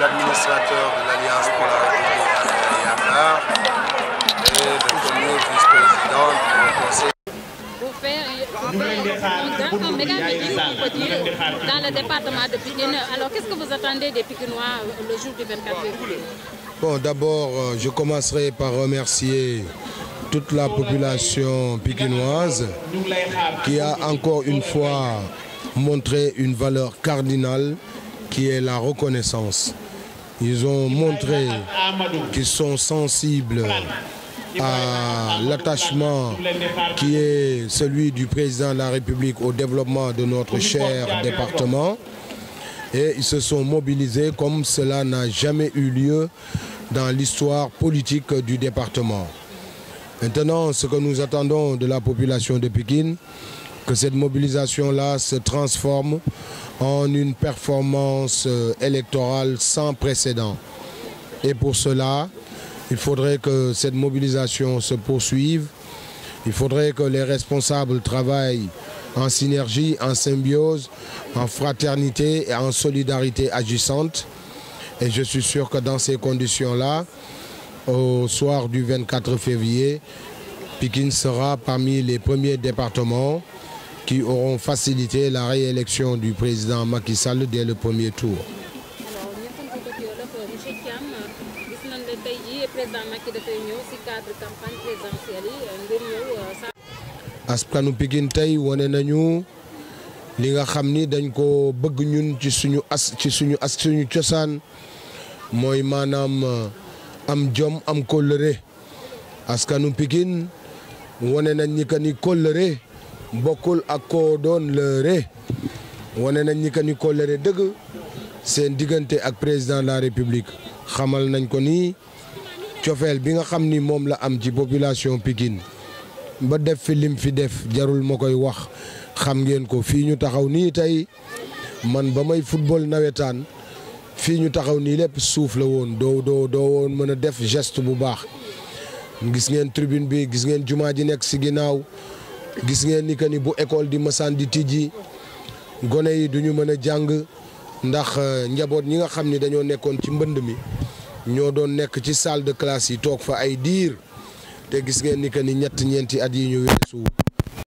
l'administrateur de l'Alliance pour la République à Yamar et le premier vice-président du Conseil. Dans le département de Pékin, alors qu'est-ce que vous attendez des Pékinois euh, le jour du 24 février Bon, d'abord, euh, je commencerai par remercier toute la population piquinoise qui a encore une fois montré une valeur cardinale qui est la reconnaissance. Ils ont montré qu'ils sont sensibles à l'attachement qui est celui du président de la République au développement de notre cher département. Et ils se sont mobilisés comme cela n'a jamais eu lieu dans l'histoire politique du département. Maintenant, ce que nous attendons de la population de Pékin, que cette mobilisation-là se transforme en une performance euh, électorale sans précédent. Et pour cela, il faudrait que cette mobilisation se poursuive. Il faudrait que les responsables travaillent en synergie, en symbiose, en fraternité et en solidarité agissante. Et je suis sûr que dans ces conditions-là, au soir du 24 février, Pékin sera parmi les premiers départements qui auront facilité la réélection du président Macky Sall dès le premier tour. Euh, askanu Pikine Tay, wane nañu li nga xam ni dañ ko bëgg ñun ci suñu as ci suñu as suñu cosaan mooy maanaam euh, am jom am wane nañ ni ni bokkul ak koo doon lëre wane nañ ni que ni ko lëre dëgg seen diggante ak président de la république xamal nañ ko ni cofeel bi nga xam ni moom la am ci population Pikine ba def fi lim fi def jarul ma koy wax xam ngeen ko fii ñu taxaw nii tey man ba may football nawetaan fii ñu taxaw nii lépp suuf la woon doo doo doo woon mën a def geste bu baax gis ngeen tribune bi gis ngeen jumaa ji nekk ci ginnaaw gis ngeen ni que ni bu école di mësaan di tijji gone yi duñu mën a jàng ndax euh, njaboot ñi nga xam ni dañoo nekkoon ci mbënd mi ñoo doon nekk ci salle de classe yi toog fa ay diir te gis ngeen ni que ni ñett ñeenti at yi ñu weesu